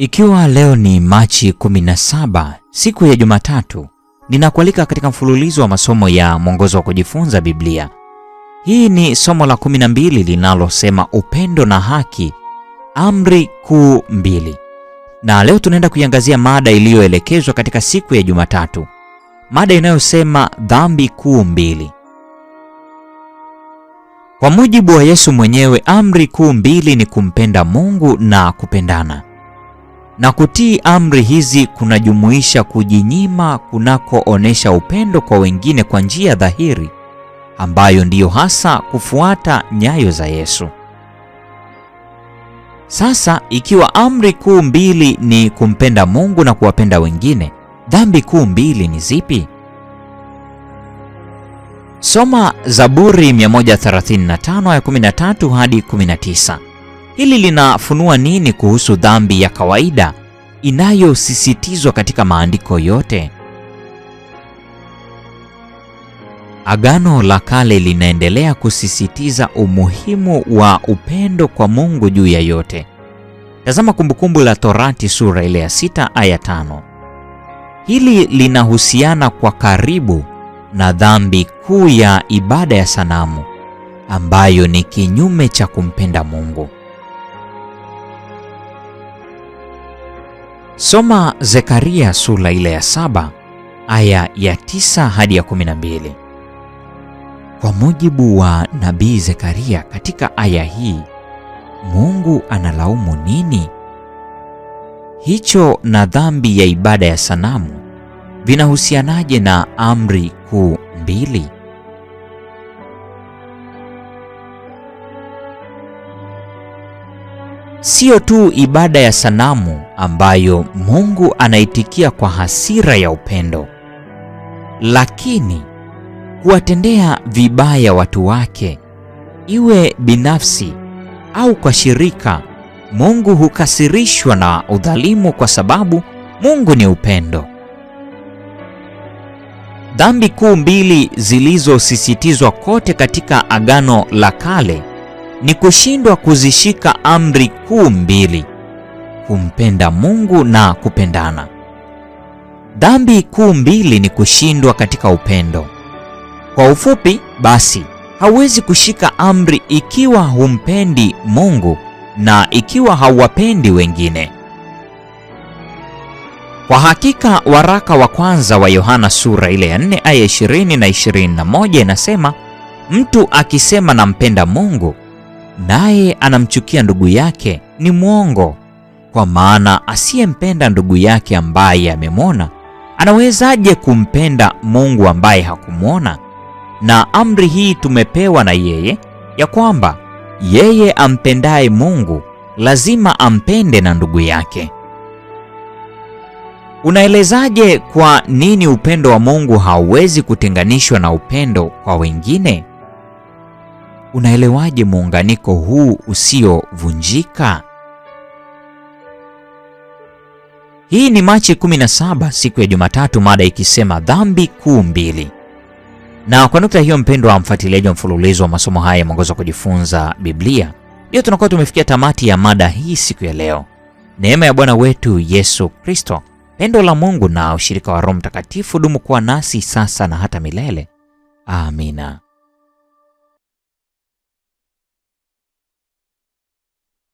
Ikiwa leo ni Machi 17 siku ya Jumatatu, ninakualika katika mfululizo wa masomo ya mwongozo wa kujifunza Biblia. Hii ni somo la 12 linalosema upendo na haki, amri kuu mbili, na leo tunaenda kuiangazia mada iliyoelekezwa katika siku ya Jumatatu, mada inayosema dhambi kuu mbili. Kwa mujibu wa Yesu mwenyewe, amri kuu mbili ni kumpenda Mungu na kupendana na kutii amri hizi kunajumuisha kujinyima kunakoonesha upendo kwa wengine kwa njia dhahiri, ambayo ndiyo hasa kufuata nyayo za Yesu. Sasa ikiwa amri kuu mbili ni kumpenda Mungu na kuwapenda wengine, dhambi kuu mbili ni zipi? Soma Zaburi 135 ya 13 hadi 19. Hili linafunua nini kuhusu dhambi ya kawaida inayosisitizwa katika maandiko yote? Agano la Kale linaendelea kusisitiza umuhimu wa upendo kwa Mungu juu ya yote. Tazama Kumbukumbu la Torati sura ile ya 6 aya 5. Hili linahusiana kwa karibu na dhambi kuu ya ibada ya sanamu ambayo ni kinyume cha kumpenda Mungu. Soma Zekaria sura ile ya saba aya ya tisa hadi ya kumi na mbili. Kwa mujibu wa nabii Zekaria, katika aya hii Mungu analaumu nini? Hicho na dhambi ya ibada ya sanamu vinahusianaje na amri kuu mbili? Siyo tu ibada ya sanamu ambayo Mungu anaitikia kwa hasira ya upendo, lakini kuwatendea vibaya watu wake, iwe binafsi au kwa shirika. Mungu hukasirishwa na udhalimu kwa sababu Mungu ni upendo. Dhambi kuu mbili zilizosisitizwa kote katika Agano la Kale ni kushindwa kuzishika amri kuu mbili: kumpenda Mungu na kupendana. Dhambi kuu mbili ni kushindwa katika upendo. Kwa ufupi basi, hauwezi kushika amri ikiwa humpendi Mungu na ikiwa hauwapendi wengine. Kwa hakika waraka wa kwanza wa Yohana sura ile ya 4 aya 20 na 21 inasema, mtu akisema nampenda Mungu naye anamchukia ndugu yake ni mwongo, kwa maana asiyempenda ndugu yake ambaye amemwona anawezaje kumpenda Mungu ambaye hakumwona? Na amri hii tumepewa na yeye ya kwamba yeye ampendaye Mungu lazima ampende na ndugu yake. Unaelezaje kwa nini upendo wa Mungu hauwezi kutenganishwa na upendo kwa wengine? Unaelewaje muunganiko huu usiovunjika? Hii ni Machi 17 siku ya Jumatatu, mada ikisema dhambi kuu mbili. Na kwa nukta hiyo, mpendwa mfuatiliaji wa mfululizo wa masomo haya ya mwongozo wa kujifunza Biblia, ndio tunakuwa tumefikia tamati ya mada hii siku ya leo. Neema ya Bwana wetu Yesu Kristo, pendo la Mungu na ushirika wa Roho Mtakatifu dumu kuwa nasi sasa na hata milele. Amina.